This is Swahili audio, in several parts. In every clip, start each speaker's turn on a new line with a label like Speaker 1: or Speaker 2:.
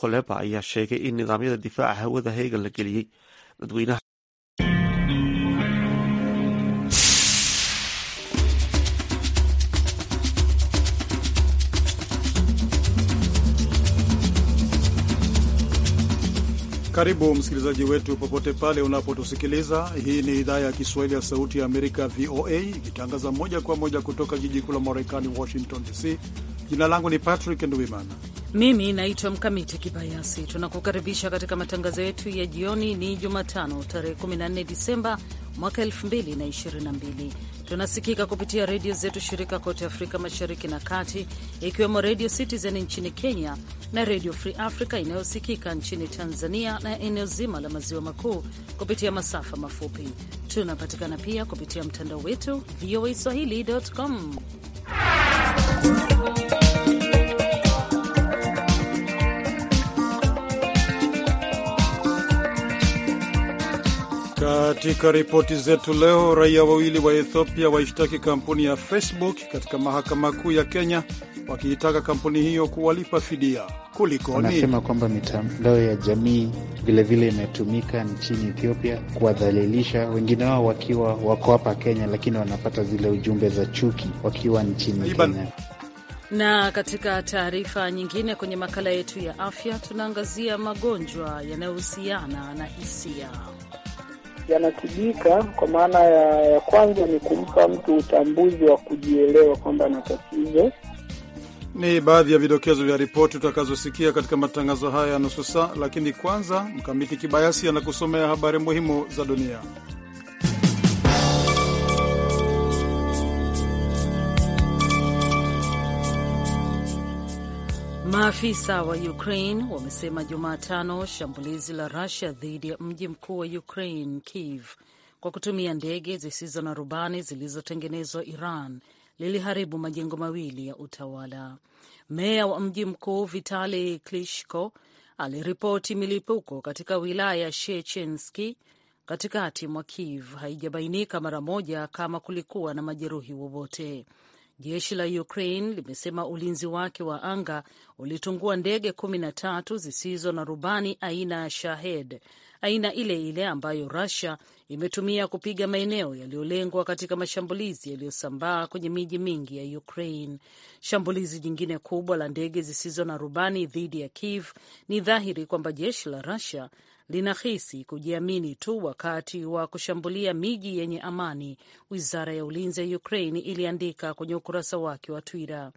Speaker 1: Koleba ayaa sheegay in nidaamyada difaaca hawada heegan la geliyey dadweynaha
Speaker 2: Karibu msikilizaji wetu popote pale unapotusikiliza. Hii ni idhaa ya Kiswahili ya Sauti ya Amerika, VOA, ikitangaza moja kwa moja kutoka jiji kuu la Marekani, Washington DC. Jina langu ni Patrick Ndwimana
Speaker 3: mimi naitwa Mkamiti Kibayasi. Tunakukaribisha katika matangazo yetu ya jioni. Ni Jumatano, tarehe 14 Disemba mwaka 2022. Tunasikika kupitia redio zetu shirika kote Afrika Mashariki na Kati, ikiwemo Redio Citizen nchini Kenya na Redio Free Africa inayosikika nchini Tanzania na eneo zima la maziwa makuu kupitia masafa mafupi. Tunapatikana pia kupitia mtandao wetu voa swahili.com.
Speaker 2: Katika ripoti zetu leo, raia wawili wa Ethiopia waishtaki kampuni ya Facebook katika mahakama kuu ya Kenya wakiitaka kampuni hiyo kuwalipa fidia. Kulikoni? Anasema kwamba
Speaker 1: mitandao ya jamii vilevile imetumika nchini Ethiopia kuwadhalilisha, wengine wao wakiwa wako hapa Kenya, lakini wanapata zile ujumbe za chuki wakiwa nchini Iban. Kenya.
Speaker 3: Na katika taarifa nyingine kwenye makala yetu ya afya, tunaangazia magonjwa yanayohusiana na hisia
Speaker 1: yanatibika kwa maana ya, ya kwanza ni kumpa mtu utambuzi wa kujielewa kwamba ana tatizo.
Speaker 2: Ni baadhi ya vidokezo vya ripoti tutakazosikia katika matangazo haya ya nusu saa, lakini kwanza Mkamiti Kibayasi anakusomea habari muhimu za dunia.
Speaker 3: Maafisa wa Ukraine wamesema Jumatano shambulizi la Rusia dhidi ya mji mkuu wa Ukraine, Kiev, kwa kutumia ndege zisizo na rubani zilizotengenezwa Iran liliharibu majengo mawili ya utawala. Meya wa mji mkuu Vitali Klitschko aliripoti milipuko katika wilaya ya Shechenski katikati mwa Kiev. Haijabainika mara moja kama kulikuwa na majeruhi wowote. Jeshi la Ukraine limesema ulinzi wake wa anga ulitungua ndege kumi na tatu zisizo na rubani aina ya Shahed, aina ile ile ambayo Russia imetumia kupiga maeneo yaliyolengwa katika mashambulizi yaliyosambaa kwenye miji mingi ya Ukraine. Shambulizi jingine kubwa la ndege zisizo na rubani dhidi ya Kiev, ni dhahiri kwamba jeshi la Russia linahisi kujiamini tu wakati wa kushambulia miji yenye amani, wizara ya ulinzi ya Ukraine iliandika kwenye ukurasa wake wa Twitter.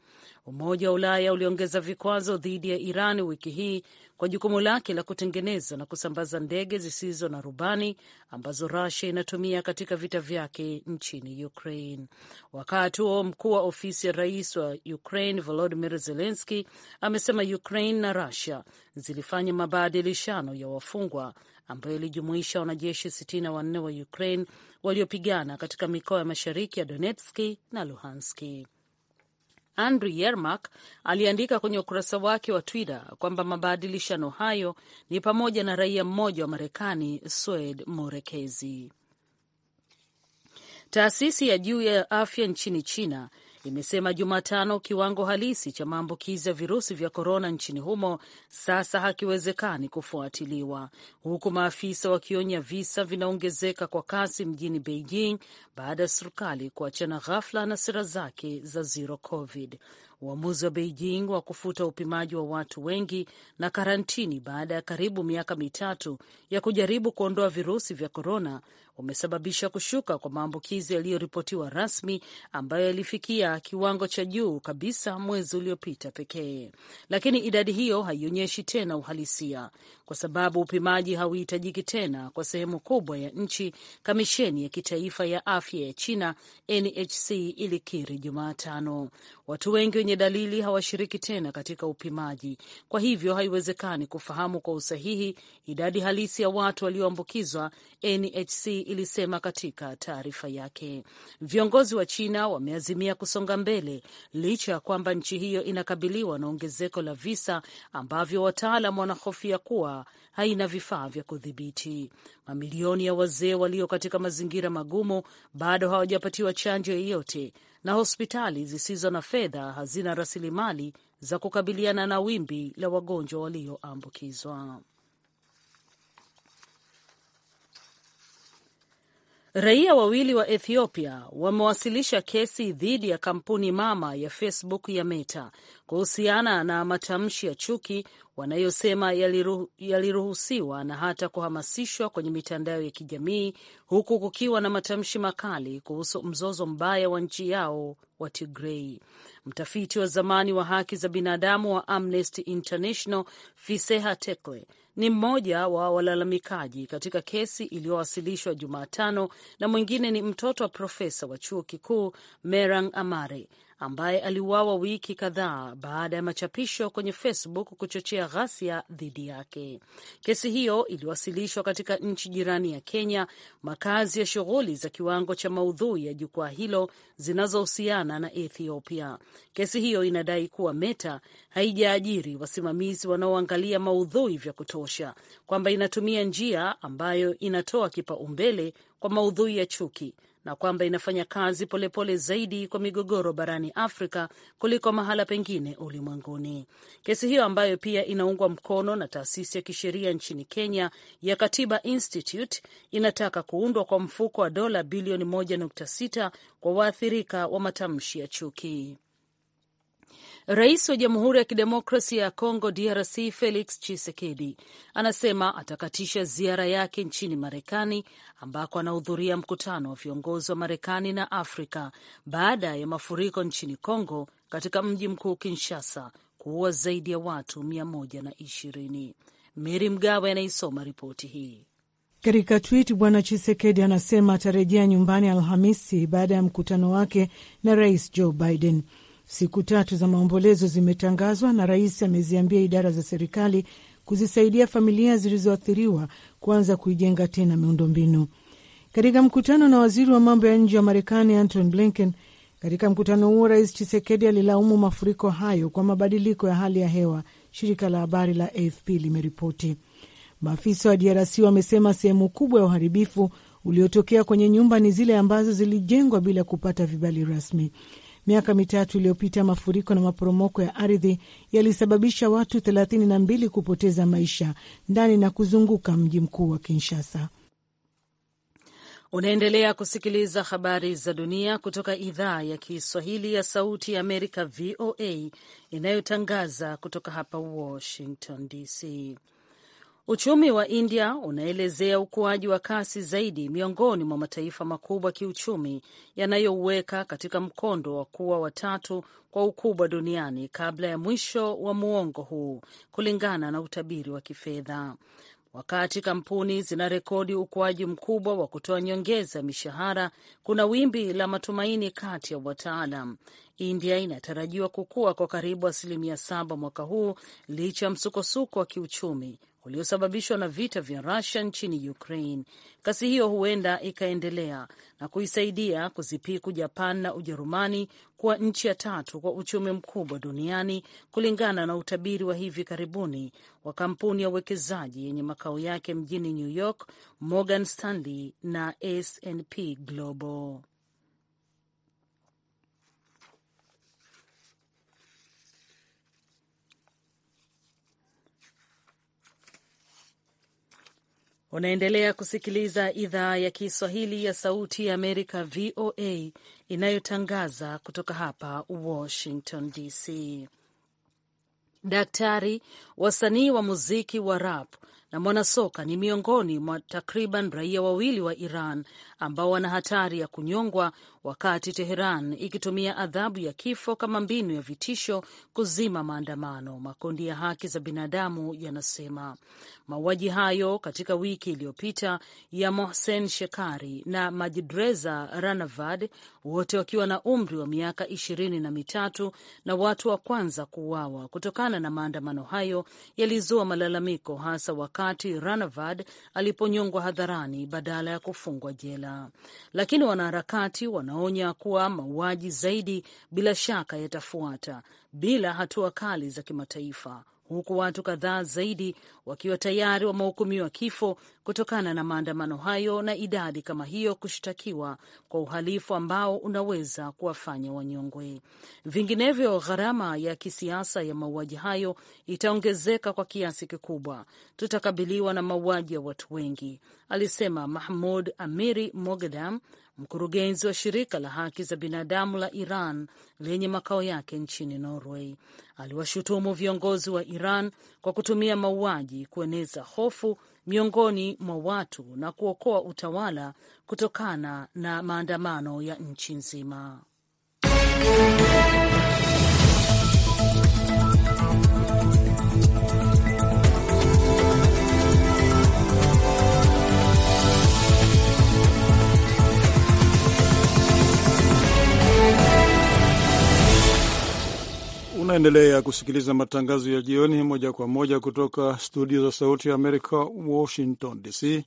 Speaker 3: Umoja wa Ulaya uliongeza vikwazo dhidi ya Iran wiki hii kwa jukumu lake la kutengeneza na kusambaza ndege zisizo na rubani ambazo rasia inatumia katika vita vyake nchini Ukraine. Wakati huo mkuu wa ofisi ya rais wa Ukraine volodimir zelenski amesema Ukraine na Russia zilifanya mabadilishano ya wafungwa ambayo ilijumuisha wanajeshi wanne wa Ukraine waliopigana katika mikoa ya mashariki ya Donetski na Luhanski andrew Yermak aliandika kwenye ukurasa wake wa Twitter kwamba mabadilishano hayo ni pamoja na raia mmoja wa Marekani, Swed Morekezi. Taasisi ya juu ya afya nchini China imesema Jumatano kiwango halisi cha maambukizi ya virusi vya korona nchini humo sasa hakiwezekani kufuatiliwa, huku maafisa wakionya visa vinaongezeka kwa kasi mjini Beijing baada ya serikali kuachana ghafla na sera zake za zero covid. Uamuzi wa Beijing wa kufuta upimaji wa watu wengi na karantini baada ya karibu miaka mitatu ya kujaribu kuondoa virusi vya korona umesababisha kushuka kwa maambukizi yaliyoripotiwa rasmi ambayo yalifikia kiwango cha juu kabisa mwezi uliopita pekee, lakini idadi hiyo haionyeshi tena uhalisia kwa sababu upimaji hauhitajiki tena kwa sehemu kubwa ya nchi. Kamisheni ya kitaifa ya afya ya China NHC ilikiri Jumatano watu wengi wenye dalili hawashiriki tena katika upimaji, kwa hivyo haiwezekani kufahamu kwa usahihi idadi halisi ya watu walioambukizwa. NHC ilisema katika taarifa yake. Viongozi wa China wameazimia kusonga mbele licha ya kwamba nchi hiyo inakabiliwa na ongezeko la visa ambavyo wataalam wanahofia kuwa haina vifaa vya kudhibiti. Mamilioni ya wazee walio katika mazingira magumu bado hawajapatiwa chanjo yoyote na hospitali zisizo na fedha hazina rasilimali za kukabiliana na wimbi la wagonjwa walioambukizwa. Raia wawili wa Ethiopia wamewasilisha kesi dhidi ya kampuni mama ya Facebook ya Meta kuhusiana na matamshi ya chuki wanayosema yaliruhusiwa na hata kuhamasishwa kwenye mitandao ya kijamii huku kukiwa na matamshi makali kuhusu mzozo mbaya wa nchi yao wa Tigrei. Mtafiti wa zamani wa haki za binadamu wa Amnesty International Fiseha Tekle ni mmoja wa walalamikaji katika kesi iliyowasilishwa Jumatano na mwingine ni mtoto wa profesa wa chuo kikuu Merang Amare ambaye aliuawa wiki kadhaa baada ya machapisho kwenye Facebook kuchochea ghasia dhidi yake. Kesi hiyo iliwasilishwa katika nchi jirani ya Kenya, makazi ya shughuli za kiwango cha maudhui ya jukwaa hilo zinazohusiana na Ethiopia. Kesi hiyo inadai kuwa Meta haijaajiri wasimamizi wanaoangalia maudhui vya kutosha, kwamba inatumia njia ambayo inatoa kipaumbele kwa maudhui ya chuki na kwamba inafanya kazi polepole pole zaidi kwa migogoro barani Afrika kuliko mahala pengine ulimwenguni. Kesi hiyo ambayo pia inaungwa mkono na taasisi ya kisheria nchini Kenya ya Katiba Institute inataka kuundwa kwa mfuko wa dola bilioni 1.6 kwa waathirika wa matamshi ya chuki. Rais wa Jamhuri ya Kidemokrasia ya Kongo DRC Felix Tshisekedi anasema atakatisha ziara yake nchini Marekani ambako anahudhuria mkutano wa viongozi wa Marekani na Afrika baada ya mafuriko nchini Kongo katika mji mkuu Kinshasa kuua zaidi ya watu 120. Meri Mgawe anaisoma ripoti hii.
Speaker 4: Katika twit Bwana Chisekedi anasema atarejea nyumbani Alhamisi baada ya mkutano wake na Rais Joe Biden. Siku tatu za maombolezo zimetangazwa na rais ameziambia idara za serikali kuzisaidia familia zilizoathiriwa kuanza kuijenga tena miundombinu. Katika mkutano na waziri wa mambo ya nje wa Marekani Anton Blinken, katika mkutano huo rais Chisekedi alilaumu mafuriko hayo kwa mabadiliko ya hali ya hewa, shirika la habari la AFP limeripoti. Maafisa wa DRC wamesema sehemu kubwa ya uharibifu uliotokea kwenye nyumba ni zile ambazo zilijengwa bila kupata vibali rasmi. Miaka mitatu iliyopita mafuriko na maporomoko ya ardhi yalisababisha watu mbili kupoteza maisha ndani na kuzunguka mji mkuu wa Kinshasa.
Speaker 3: Unaendelea kusikiliza habari za dunia kutoka idhaa ya Kiswahili ya Sauti ya Amerika, VOA, inayotangaza kutoka hapa Washington DC. Uchumi wa India unaelezea ukuaji wa kasi zaidi miongoni mwa mataifa makubwa kiuchumi yanayouweka katika mkondo wa kuwa watatu kwa ukubwa duniani kabla ya mwisho wa muongo huu, kulingana na utabiri wa kifedha. Wakati kampuni zina rekodi ukuaji mkubwa wa kutoa nyongeza ya mishahara, kuna wimbi la matumaini kati ya wataalam. India inatarajiwa kukua kwa karibu asilimia saba mwaka huu licha ya msukosuko wa kiuchumi uliosababishwa na vita vya Rusia nchini Ukraine. Kasi hiyo huenda ikaendelea na kuisaidia kuzipiku Japan na Ujerumani kuwa nchi ya tatu kwa uchumi mkubwa duniani kulingana na utabiri wa hivi karibuni wa kampuni ya uwekezaji yenye makao yake mjini New York, Morgan Stanley na snp Global. Unaendelea kusikiliza idhaa ya Kiswahili ya Sauti ya Amerika, VOA, inayotangaza kutoka hapa Washington DC. Daktari, wasanii wa muziki wa rap na mwanasoka ni miongoni mwa takriban raia wawili wa Iran ambao wana hatari ya kunyongwa wakati Teheran ikitumia adhabu ya kifo kama mbinu ya vitisho kuzima maandamano. Makundi ya haki za binadamu yanasema mauaji hayo katika wiki iliyopita ya Mohsen Shekari na Majidreza Ranavad, wote wakiwa na umri wa miaka ishirini na mitatu na watu wa kwanza kuuawa kutokana na maandamano hayo yalizua malalamiko, hasa wakati Ranavad aliponyongwa hadharani badala ya kufungwa jela, lakini wanaharakati wana unaonya kuwa mauaji zaidi bila shaka yatafuata bila hatua kali za kimataifa, huku watu kadhaa zaidi wakiwa tayari wamehukumiwa kifo kutokana na maandamano hayo na idadi kama hiyo kushtakiwa kwa uhalifu ambao unaweza kuwafanya wanyongwe. Vinginevyo, gharama ya kisiasa ya mauaji hayo itaongezeka kwa kiasi kikubwa. Tutakabiliwa na mauaji ya watu wengi, alisema Mahmud Amiri Mogedam, mkurugenzi wa shirika la haki za binadamu la Iran lenye makao yake nchini Norway aliwashutumu viongozi wa Iran kwa kutumia mauaji kueneza hofu miongoni mwa watu na kuokoa utawala kutokana na maandamano ya nchi nzima.
Speaker 2: Unaendelea kusikiliza matangazo ya jioni moja kwa moja kutoka studio za Sauti ya Amerika, Washington DC.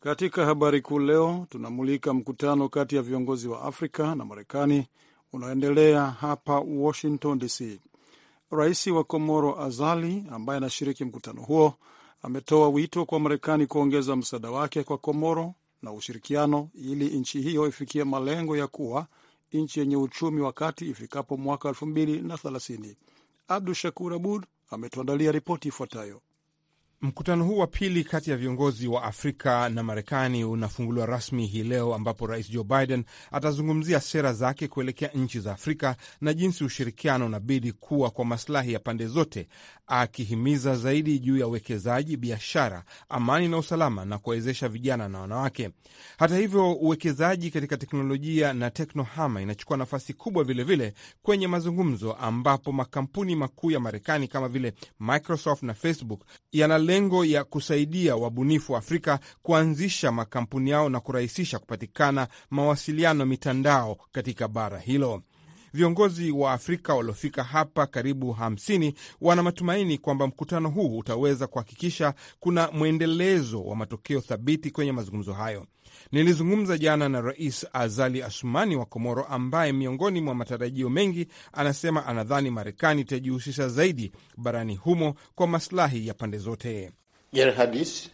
Speaker 2: Katika habari kuu leo, tunamulika mkutano kati ya viongozi wa Afrika na Marekani unaoendelea hapa Washington DC. Rais wa Komoro Azali, ambaye anashiriki mkutano huo, ametoa wito kwa Marekani kuongeza msaada wake kwa Komoro na ushirikiano ili nchi hiyo ifikie malengo ya kuwa nchi yenye uchumi wa kati ifikapo mwaka 2030. Abdu Shakur Abud ametuandalia ripoti ifuatayo.
Speaker 5: Mkutano huu wa pili kati ya viongozi wa Afrika na Marekani unafunguliwa rasmi hii leo ambapo Rais Joe Biden atazungumzia sera zake kuelekea nchi za Afrika na jinsi ushirikiano unabidi kuwa kwa masilahi ya pande zote, akihimiza zaidi juu ya uwekezaji, biashara, amani na usalama na kuwawezesha vijana na wanawake. Hata hivyo, uwekezaji katika teknolojia na teknohama inachukua nafasi kubwa vilevile vile kwenye mazungumzo, ambapo makampuni makuu ya Marekani kama vile Microsoft na Facebook yana malengo ya kusaidia wabunifu wa Afrika kuanzisha makampuni yao na kurahisisha kupatikana mawasiliano mitandao katika bara hilo. Viongozi wa Afrika waliofika hapa karibu 50 wana matumaini kwamba mkutano huu utaweza kuhakikisha kuna mwendelezo wa matokeo thabiti kwenye mazungumzo hayo. Nilizungumza jana na Rais Azali Asumani wa Komoro, ambaye miongoni mwa matarajio mengi anasema anadhani Marekani itajihusisha zaidi barani humo kwa maslahi ya pande zote.
Speaker 2: Yerhadis,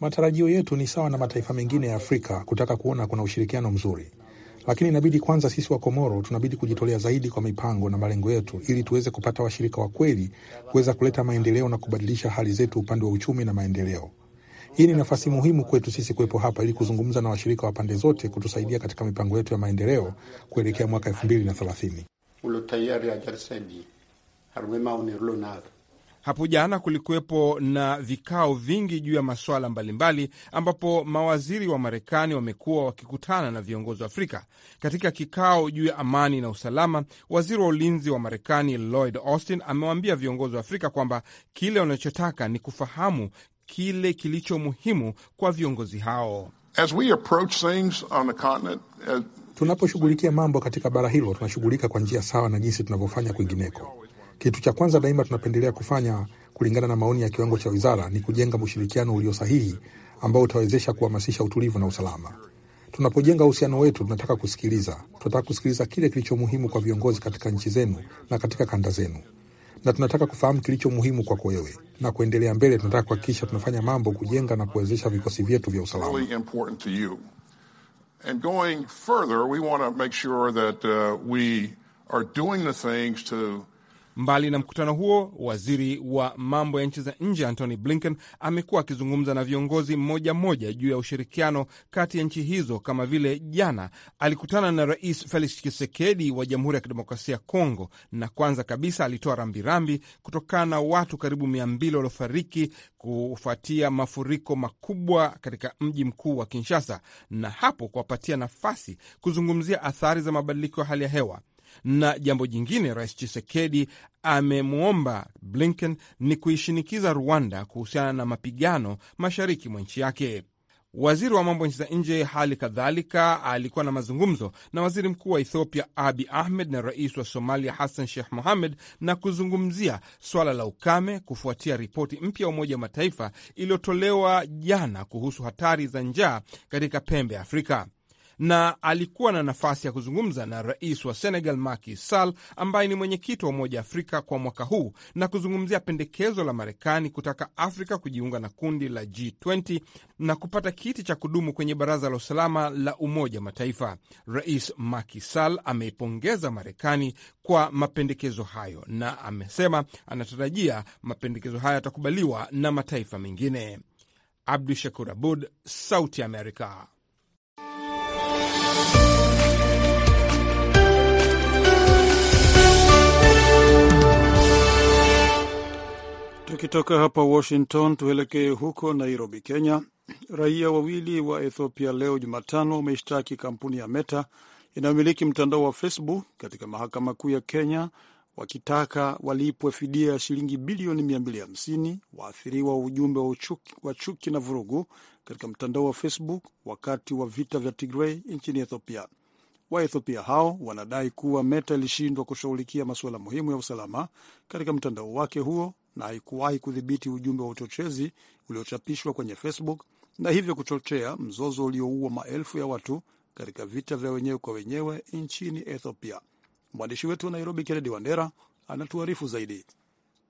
Speaker 5: Matarajio yetu ni sawa na mataifa mengine ya Afrika kutaka kuona kuna ushirikiano mzuri, lakini inabidi kwanza sisi wa Komoro tunabidi kujitolea zaidi kwa mipango na malengo yetu, ili tuweze kupata washirika wa kweli kuweza kuleta maendeleo na kubadilisha hali zetu upande wa uchumi na maendeleo. Hii ni nafasi muhimu kwetu sisi kuwepo hapa ili kuzungumza na washirika wa pande zote kutusaidia katika mipango yetu ya maendeleo kuelekea mwaka elfu mbili na thelathini. Hapo jana kulikuwepo na vikao vingi juu ya masuala mbalimbali, ambapo mawaziri wa Marekani wamekuwa wakikutana na viongozi wa Afrika. Katika kikao juu ya amani na usalama, waziri wa ulinzi wa Marekani Lloyd Austin amewaambia viongozi wa Afrika kwamba kile wanachotaka ni kufahamu kile kilicho muhimu kwa viongozi hao. As we approach things on the continent, as... Uh, tunaposhughulikia mambo katika bara hilo tunashughulika kwa njia sawa na jinsi tunavyofanya kwingineko kitu cha kwanza daima tunapendelea kufanya kulingana na maoni ya kiwango cha wizara ni kujenga ushirikiano ulio sahihi ambao utawezesha kuhamasisha utulivu na usalama. Tunapojenga uhusiano wetu, tunataka kusikiliza, tunataka kusikiliza kile kilicho muhimu kwa viongozi katika nchi zenu na katika kanda zenu, na tunataka kufahamu kilicho muhimu kwako wewe na kuendelea mbele. Tunataka kuhakikisha tunafanya mambo kujenga na kuwezesha vikosi vyetu vya usalama. And going further, we want to make sure that, uh, we are doing the things to Mbali na mkutano huo, waziri wa mambo ya nchi za nje Antony Blinken amekuwa akizungumza na viongozi mmoja mmoja juu ya ushirikiano kati ya nchi hizo, kama vile jana alikutana na Rais Felix Tshisekedi wa Jamhuri ya Kidemokrasia ya Kongo, na kwanza kabisa alitoa rambirambi kutokana na watu karibu mia mbili waliofariki kufuatia mafuriko makubwa katika mji mkuu wa Kinshasa, na hapo kuwapatia nafasi kuzungumzia athari za mabadiliko ya hali ya hewa. Na jambo jingine, Rais chisekedi amemwomba Blinken ni kuishinikiza Rwanda kuhusiana na mapigano mashariki mwa nchi yake. Waziri wa mambo ya nchi za nje hali kadhalika alikuwa na mazungumzo na waziri mkuu wa Ethiopia Abi Ahmed na rais wa Somalia Hassan Sheikh Mohamed na kuzungumzia swala la ukame kufuatia ripoti mpya ya Umoja wa Mataifa iliyotolewa jana kuhusu hatari za njaa katika pembe ya Afrika na alikuwa na nafasi ya kuzungumza na rais wa Senegal Macky Sall ambaye ni mwenyekiti wa Umoja Afrika kwa mwaka huu na kuzungumzia pendekezo la Marekani kutaka Afrika kujiunga na kundi la G20 na kupata kiti cha kudumu kwenye Baraza la Usalama la Umoja Mataifa. Rais Macky Sall ameipongeza Marekani kwa mapendekezo hayo na amesema anatarajia mapendekezo hayo yatakubaliwa na mataifa mengine. Abdu Shakur Abud, Sauti Amerika.
Speaker 2: Tukitoka hapa Washington tuelekee huko Nairobi, Kenya. Raia wawili wa Ethiopia leo Jumatano wameishtaki kampuni ya Meta inayomiliki mtandao wa Facebook katika mahakama kuu ya Kenya wakitaka walipwe fidia ya shilingi bilioni 250 waathiriwa wa ujumbe wa chuki na vurugu katika mtandao wa Facebook wakati wa vita vya tigrei nchini Ethiopia. Waethiopia hao wanadai kuwa Meta ilishindwa kushughulikia masuala muhimu ya usalama katika mtandao wake huo na haikuwahi kudhibiti ujumbe wa uchochezi uliochapishwa kwenye Facebook na hivyo kuchochea mzozo ulioua maelfu ya watu katika vita vya wenyewe kwa wenyewe nchini Ethiopia. Mwandishi wetu wa Nairobi, Kennedy Wandera, anatuarifu zaidi.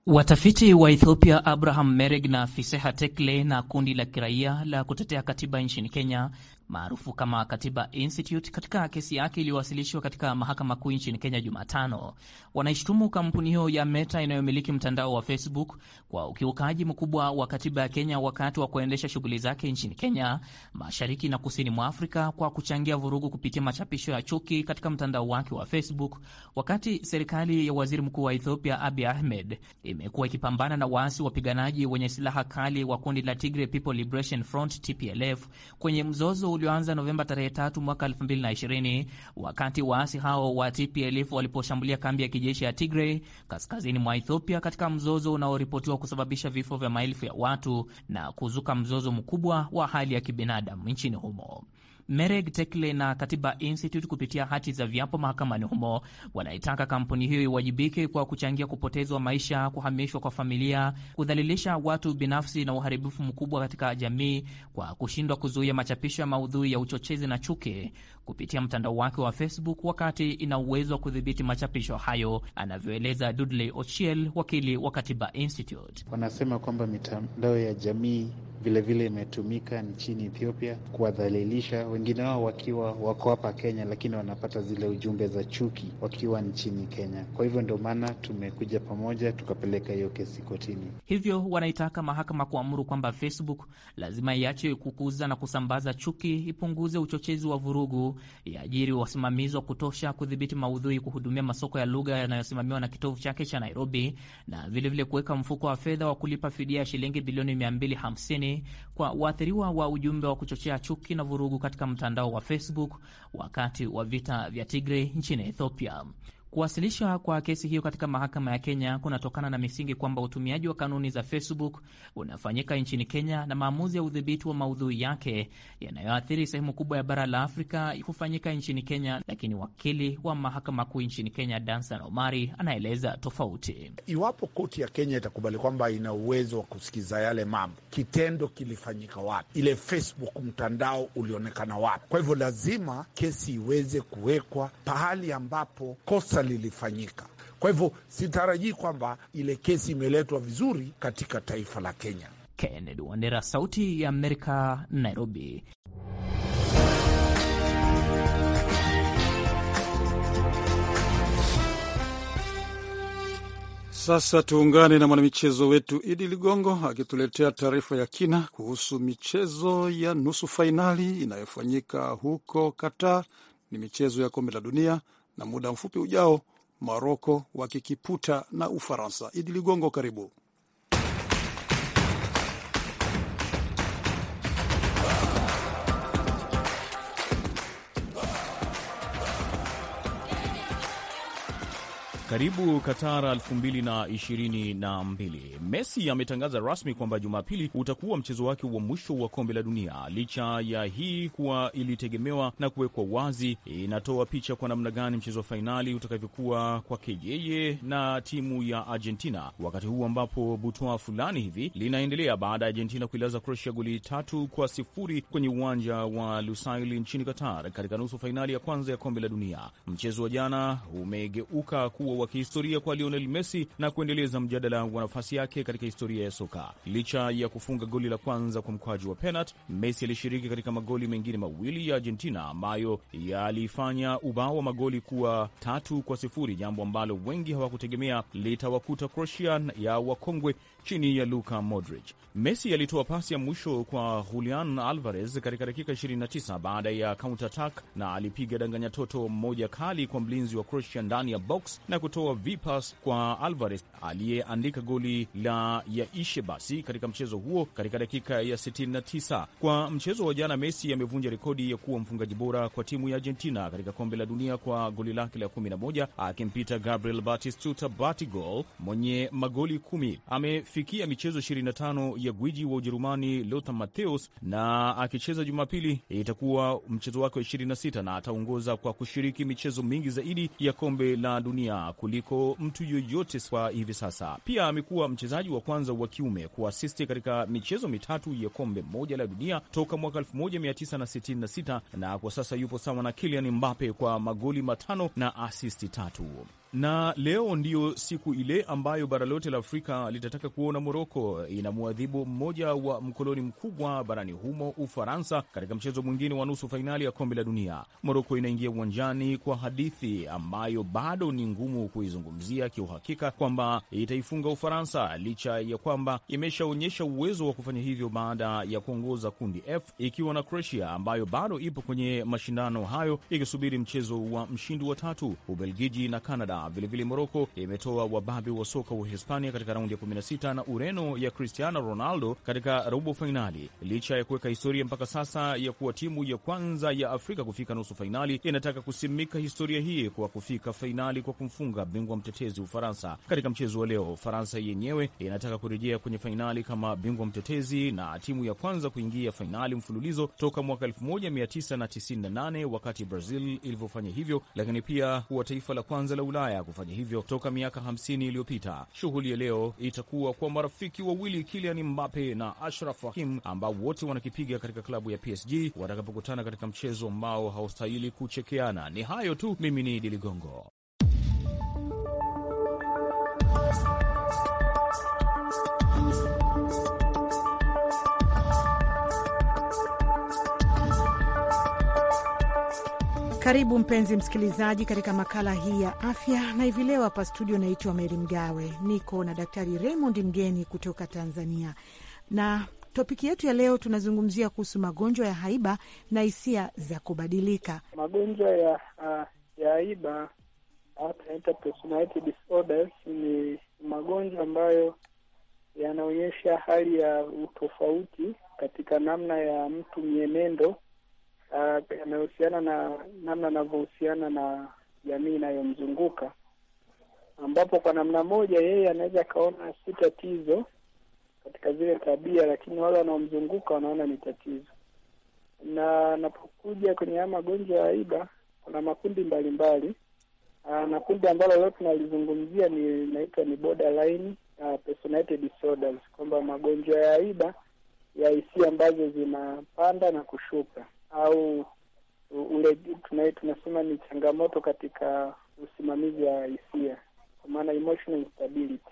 Speaker 6: Watafiti wa Ethiopia Abraham Mereg na Fiseha Tekle na kundi la kiraia la kutetea katiba nchini Kenya maarufu kama Katiba Institute katika kesi yake iliyowasilishwa katika mahakama kuu nchini Kenya Jumatano, wanaishtumu kampuni hiyo ya Meta inayomiliki mtandao wa Facebook kwa ukiukaji mkubwa wa katiba ya Kenya wakati wa kuendesha shughuli zake nchini Kenya, mashariki na kusini mwa Afrika, kwa kuchangia vurugu kupitia machapisho ya chuki katika mtandao wake wa Facebook, wakati serikali ya waziri mkuu wa Ethiopia Abiy Ahmed imekuwa ikipambana na waasi wapiganaji wenye silaha kali wa kundi la Tigray People Liberation Front TPLF kwenye mzozo ulioanza Novemba tarehe 3 mwaka 2020 wakati waasi hao wa TPLF waliposhambulia kambi ya kijeshi ya Tigray kaskazini mwa Ethiopia, katika mzozo unaoripotiwa kusababisha vifo vya maelfu ya watu na kuzuka mzozo mkubwa wa hali ya kibinadamu nchini humo. Mereg Tekle na Katiba Institute kupitia hati za viapo mahakamani humo wanaitaka kampuni hiyo iwajibike kwa kuchangia kupotezwa maisha, kuhamishwa kwa familia, kudhalilisha watu binafsi na uharibifu mkubwa katika jamii kwa kushindwa kuzuia machapisho ya maudhui ya uchochezi na chuki kupitia mtandao wake wa Facebook wakati ina uwezo wa kudhibiti machapisho hayo, anavyoeleza Dudley Ochiel, wakili wa Katiba Institute. Wanasema
Speaker 1: kwamba mitandao ya jamii vilevile imetumika nchini Ethiopia kuwadhalilisha wengine wao wakiwa wako hapa Kenya, lakini wanapata zile ujumbe za chuki wakiwa nchini Kenya. Kwa hivyo ndio maana tumekuja pamoja tukapeleka hiyo kesi kotini.
Speaker 6: Hivyo wanaitaka mahakama kuamuru kwamba Facebook lazima iache kukuza na kusambaza chuki, ipunguze uchochezi wa vurugu, iajiri wasimamizi wa kutosha kudhibiti maudhui, kuhudumia masoko ya lugha yanayosimamiwa na kitovu chake cha Nairobi, na vilevile kuweka mfuko wa fedha wa kulipa fidia ya shilingi bilioni 250 kwa waathiriwa wa ujumbe wa kuchochea chuki na vurugu katika mtandao wa Facebook wakati wa vita vya Tigray nchini Ethiopia. Kuwasilishwa kwa kesi hiyo katika mahakama ya Kenya kunatokana na misingi kwamba utumiaji wa kanuni za Facebook unafanyika nchini Kenya na maamuzi ya udhibiti wa maudhui yake yanayoathiri sehemu kubwa ya bara la Afrika kufanyika nchini Kenya. Lakini wakili wa mahakama kuu nchini Kenya, Dansan Omari, anaeleza tofauti. Iwapo
Speaker 5: koti ya Kenya itakubali kwamba ina uwezo wa kusikiza yale mambo, kitendo kilifanyika wapi, ile Facebook mtandao ulionekana wapi. Kwa hivyo lazima kesi iweze kuwekwa pahali ambapo kosa kosa lilifanyika. Kwa hivyo sitarajii kwamba ile kesi imeletwa vizuri katika taifa la Kenya. Kennedy
Speaker 6: Wandera, Sauti ya Amerika, Nairobi. Sasa
Speaker 2: tuungane na mwanamichezo wetu Idi Ligongo akituletea taarifa ya kina kuhusu michezo ya nusu fainali inayofanyika huko Qatar. Ni michezo ya kombe la dunia na muda mfupi ujao Maroko wakikiputa na Ufaransa. Idi Ligongo, karibu.
Speaker 7: Karibu Katara 2022. Messi ametangaza rasmi kwamba Jumapili utakuwa mchezo wake wa mwisho wa kombe la dunia. Licha ya hii kuwa ilitegemewa na kuwekwa wazi, inatoa picha kwa namna gani mchezo wa fainali utakavyokuwa kwake yeye na timu ya Argentina, wakati huu ambapo butoa fulani hivi linaendelea baada ya Argentina kuilaza Croatia goli tatu kwa sifuri kwenye uwanja wa Lusail nchini Qatar katika nusu fainali ya kwanza ya kombe la dunia. Mchezo wa jana umegeuka kuwa wa kihistoria kwa Lionel Messi na kuendeleza mjadala wa nafasi yake katika historia ya soka. Licha ya kufunga goli la kwanza kwa mkwaju wa penat Messi alishiriki katika magoli mengine mawili ya Argentina ambayo yalifanya ubao wa magoli kuwa tatu kwa sifuri, jambo ambalo wengi hawakutegemea litawakuta Croatia ya wakongwe chini ya Luka Modric. Messi alitoa pasi ya mwisho kwa Julian Alvarez katika dakika 29 baada ya counter attack, na alipiga danganya toto moja kali kwa mlinzi wa Croatia ndani ya box na kutoa vipas kwa Alvarez aliyeandika goli la yaishe basi katika mchezo huo katika dakika ya 69. Kwa mchezo wa jana, Messi amevunja rekodi ya kuwa mfungaji bora kwa timu ya Argentina katika kombe la dunia kwa goli lake la 11 akimpita Gabriel Batistuta Batigol mwenye magoli kumi. Amefikia michezo 25 ya gwiji wa Ujerumani Lothar matheus na akicheza Jumapili itakuwa mchezo wake wa 26 na ataongoza kwa kushiriki michezo mingi zaidi ya kombe la dunia kuliko mtu yoyote swa hivi sasa. Pia amekuwa mchezaji wa kwanza wa kiume kuasisti katika michezo mitatu ya kombe moja la dunia toka mwaka 1966 na, na kwa sasa yupo sawa na Kylian Mbappe kwa magoli matano na asisti tatu na leo ndiyo siku ile ambayo bara lote la Afrika litataka kuona Moroko inamwadhibu mmoja wa mkoloni mkubwa barani humo, Ufaransa, katika mchezo mwingine wa nusu fainali ya kombe la dunia. Moroko inaingia uwanjani kwa hadithi ambayo bado ni ngumu kuizungumzia kiuhakika kwamba itaifunga Ufaransa, licha ya kwamba imeshaonyesha uwezo wa kufanya hivyo baada ya kuongoza kundi F ikiwa na Croatia ambayo bado ipo kwenye mashindano hayo ikisubiri mchezo wa mshindi wa tatu, Ubelgiji na Canada. Vilevile Moroko imetoa wababe wa soka wa Hispania katika raundi ya 16 na Ureno ya Cristiano Ronaldo katika robo fainali. Licha ya kuweka historia mpaka sasa ya kuwa timu ya kwanza ya Afrika kufika nusu fainali, inataka kusimika historia hii kwa kufika fainali kwa kumfunga bingwa mtetezi Ufaransa katika mchezo wa leo. Faransa yenyewe inataka kurejea kwenye fainali kama bingwa mtetezi na timu ya kwanza kuingia fainali mfululizo toka mwaka 1998 wakati Brazil ilivyofanya hivyo, lakini pia kuwa taifa la kwanza la Ulaya Ulaya kufanya hivyo toka miaka 50 iliyopita. Shughuli ya leo itakuwa kwa marafiki wawili Kylian Mbappe na Ashraf Hakimi ambao wote wanakipiga katika klabu ya PSG watakapokutana katika mchezo ambao haustahili kuchekeana. Ni hayo tu, mimi ni Idi Ligongo.
Speaker 4: Karibu mpenzi msikilizaji, katika makala hii ya afya, na hivi leo hapa studio naitwa Meri Mgawe, niko na Daktari Raymond mgeni kutoka Tanzania, na topiki yetu ya leo tunazungumzia kuhusu magonjwa ya haiba na hisia za kubadilika.
Speaker 1: Magonjwa ya uh, ya haiba tunaita personality disorders ni magonjwa ambayo yanaonyesha hali ya utofauti katika namna ya mtu mienendo uh, na namna anavyohusiana na jamii inayomzunguka ambapo kwa namna moja yeye anaweza akaona si tatizo katika zile tabia, lakini wale wanaomzunguka wanaona ni tatizo. Na napokuja kwenye haya magonjwa ya iba, kuna makundi mbalimbali uh, na kundi ambalo leo tunalizungumzia ni inaitwa ni borderline uh, personality disorders, kwamba magonjwa ya iba ya hisia ambazo zinapanda na kushuka au ule tunasema ni changamoto katika usimamizi wa hisia, kwa maana emotional instability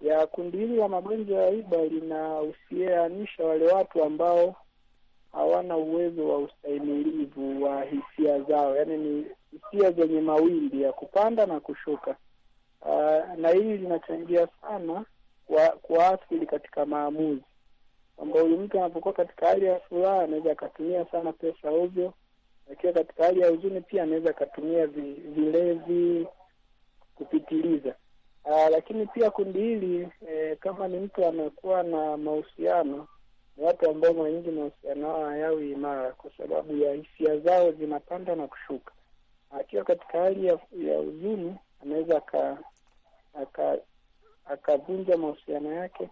Speaker 1: ya kundi hili la magonjwa ya iba linahusianisha wale watu ambao hawana uwezo wa ustahimilivu wa hisia zao, yaani ni hisia zenye mawimbi ya kupanda na kushuka. Uh, na hili linachangia sana kwa kuwaathiri katika maamuzi kwamba huyu mtu anapokuwa katika hali ya furaha anaweza akatumia sana pesa ovyo, akiwa katika hali ya huzuni pia anaweza akatumia vilevi kupitiliza. Aa, ah, lakini pia kundi hili e, kama ni mtu anakuwa na mahusiano ni watu ambao mara nyingi mahusiano hao hayawi imara kwa sababu ya hisia zao zinapanda na kushuka. Akiwa katika hali ya, ya huzuni anaweza akavunja aka, aka mahusiano yake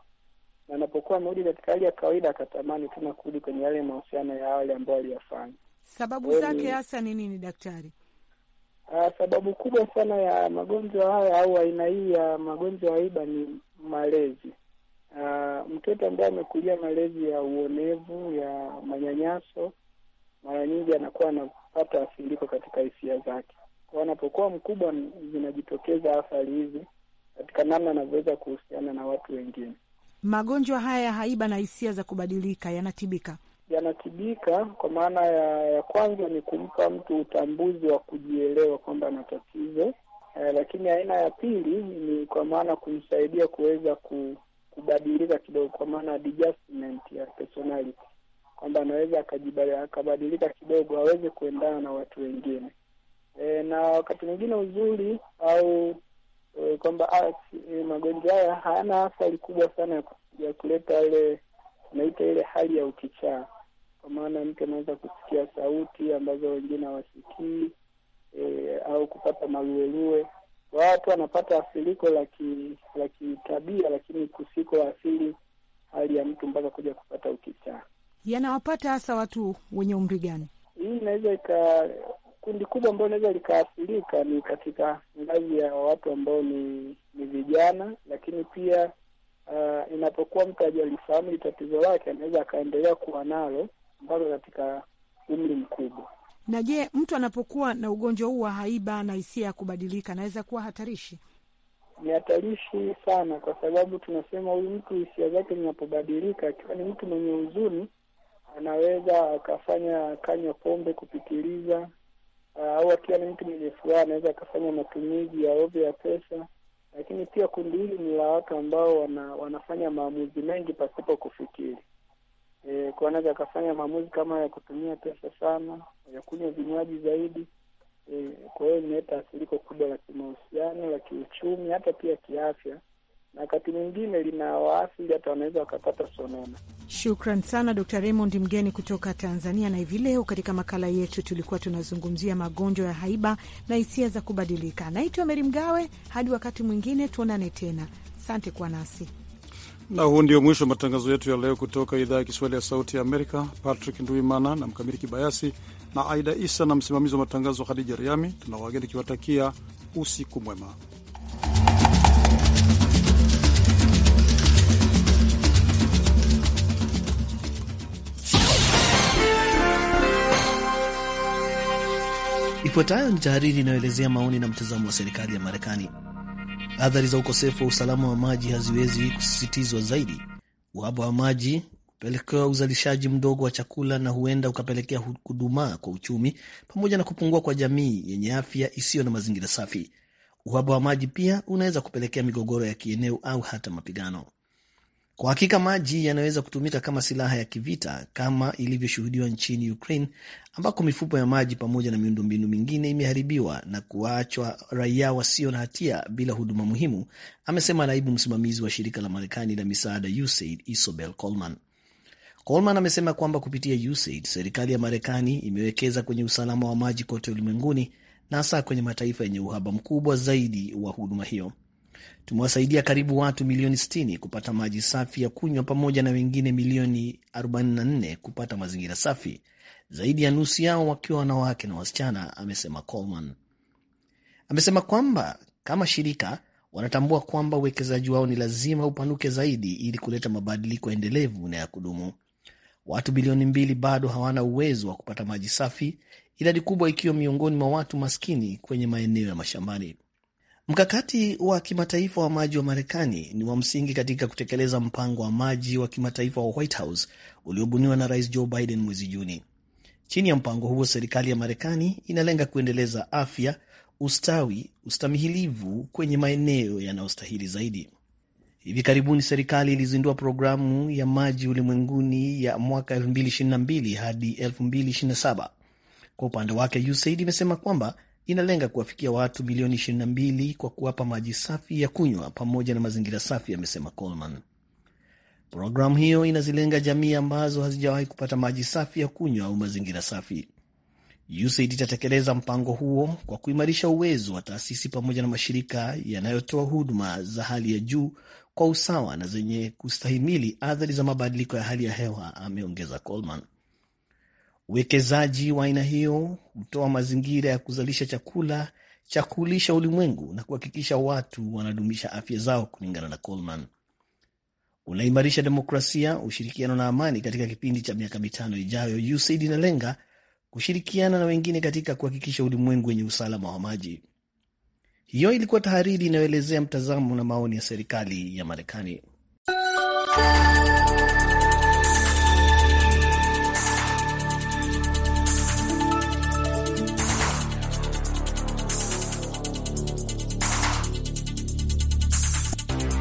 Speaker 1: na anapokuwa amerudi katika hali ya kawaida akatamani tena kurudi kwenye yale mahusiano ya awali ambayo aliyafanya.
Speaker 4: Sababu zake hasa ni nini daktari?
Speaker 1: Uh, sababu kubwa sana ya magonjwa haya au aina hii ya magonjwa ya iba ni malezi. Uh, mtoto ambaye amekulia malezi ya uonevu, ya manyanyaso, mara nyingi anakuwa anapata asiliko katika hisia zake. Kwa anapokuwa mkubwa, zinajitokeza athari hizi katika namna anavyoweza kuhusiana na watu wengine
Speaker 4: magonjwa haya ya haiba na hisia za kubadilika yanatibika?
Speaker 1: Yanatibika kwa maana ya, ya kwanza ni kumpa mtu utambuzi wa kujielewa kwamba ana tatizo eh, lakini aina ya pili ni kwa maana kumsaidia kuweza ku, kubadilika kidogo, kwa maana adjustment ya personality kwamba anaweza akabadilika kidogo aweze kuendana na watu wengine. E, na wakati mwingine uzuri au e, kwamba ah, e, magonjwa haya hayana athari kubwa sana ya kuleta ile naita ile hali ya ukichaa, kwa maana mtu anaweza kusikia sauti ambazo wengine hawasikii e, au kupata maluelue. Watu wanapata asiliko la kitabia, lakini kusiko asili hali ya mtu mpaka kuja kupata ukichaa.
Speaker 4: Yanawapata hasa watu wenye umri gani?
Speaker 1: Hii inaweza kundi kubwa ambalo inaweza likaathirika ni katika ngazi ya watu ambao ni ni vijana, lakini pia uh, inapokuwa mtu hajalifahamu tatizo lake anaweza akaendelea kuwa nalo mpaka katika umri mkubwa.
Speaker 4: Na je, mtu anapokuwa na ugonjwa huu wa haiba na hisia ya kubadilika anaweza kuwa hatarishi?
Speaker 1: Ni hatarishi sana, kwa sababu tunasema huyu mtu hisia zake zinapobadilika, akiwa ni mtu mwenye huzuni anaweza akafanya kanywa pombe kupitiliza, Ah, au akiwa ni mtu mwenye furaha anaweza akafanya matumizi ya ovyo ya pesa, lakini pia kundi hili ni la watu ambao wana, wanafanya maamuzi mengi pasipo kufikiri. E, kwa anaweza akafanya maamuzi kama ya kutumia pesa sana, ya kunywa vinywaji zaidi. E, kwa hiyo imeeta athiriko kubwa la kimahusiano, la kiuchumi, hata pia kiafya na wakati mwingine linawaathiri hata wanaweza wakapata sonona.
Speaker 4: Shukran sana Dkt. Raymond mgeni kutoka Tanzania. Na hivi leo katika makala yetu tulikuwa tunazungumzia magonjwa ya haiba na hisia za kubadilika. Naitwa Meri Mgawe, hadi wakati mwingine tuonane tena. Asante kwa nasi
Speaker 2: na huu ndio mwisho wa matangazo yetu ya leo kutoka idhaa ya Kiswahili ya Sauti ya Amerika. Patrick Nduimana na mkamiri Kibayasi na Aida Isa na msimamizi wa matangazo Khadija Riami, tuna wageni tukiwatakia usiku mwema.
Speaker 8: Ifuatayo ni tahariri inayoelezea maoni na mtazamo wa serikali ya Marekani. Athari za ukosefu wa usalama wa maji haziwezi kusisitizwa zaidi. Uhaba wa maji hupelekewa uzalishaji mdogo wa chakula na huenda ukapelekea kudumaa kwa uchumi pamoja na kupungua kwa jamii yenye afya isiyo na mazingira safi. Uhaba wa maji pia unaweza kupelekea migogoro ya kieneo au hata mapigano. Kwa hakika maji yanaweza kutumika kama silaha ya kivita kama ilivyoshuhudiwa nchini Ukraine ambako mifupo ya maji pamoja na miundombinu mingine imeharibiwa na kuwaachwa raia wasio na hatia bila huduma muhimu, amesema naibu msimamizi wa shirika la Marekani la misaada USAID Isobel Coleman. Coleman amesema kwamba kupitia USAID serikali ya Marekani imewekeza kwenye usalama wa maji kote ulimwenguni na hasa kwenye mataifa yenye uhaba mkubwa zaidi wa huduma hiyo tumewasaidia karibu watu milioni 60 kupata maji safi ya kunywa pamoja na wengine milioni 44 kupata mazingira safi, zaidi ya nusu yao wakiwa wanawake na wasichana, amesema Coleman. Amesema kwamba kama shirika wanatambua kwamba uwekezaji wao ni lazima upanuke zaidi ili kuleta mabadiliko endelevu na ya kudumu. Watu bilioni mbili bado hawana uwezo wa kupata maji safi, idadi kubwa ikiwa miongoni mwa watu maskini kwenye maeneo ya mashambani. Mkakati wa kimataifa wa maji wa Marekani ni wa msingi katika kutekeleza mpango wa maji wa kimataifa wa White House uliobuniwa na Rais Joe Biden mwezi Juni. Chini ya mpango huo, serikali ya Marekani inalenga kuendeleza afya, ustawi, ustamihilivu kwenye maeneo yanayostahili zaidi. Hivi karibuni serikali ilizindua programu ya maji ulimwenguni ya mwaka 2022 hadi 2027. Kwa upande wake, USAID imesema kwamba inalenga kuwafikia watu milioni 22 kwa kuwapa maji safi ya kunywa pamoja na mazingira safi, amesema Coleman. Programu hiyo inazilenga jamii ambazo hazijawahi kupata maji safi ya kunywa au mazingira safi. USAID itatekeleza mpango huo kwa kuimarisha uwezo wa taasisi pamoja na mashirika yanayotoa huduma za hali ya juu kwa usawa na zenye kustahimili athari za mabadiliko ya hali ya hewa, ameongeza Coleman. Uwekezaji wa aina hiyo hutoa mazingira ya kuzalisha chakula cha kulisha ulimwengu na kuhakikisha watu wanadumisha afya zao, kulingana na Coleman. Unaimarisha demokrasia, ushirikiano na amani. Katika kipindi cha miaka mitano ijayo, USAID inalenga kushirikiana na wengine katika kuhakikisha ulimwengu wenye usalama wa maji. Hiyo ilikuwa tahariri inayoelezea mtazamo na maoni ya serikali ya Marekani.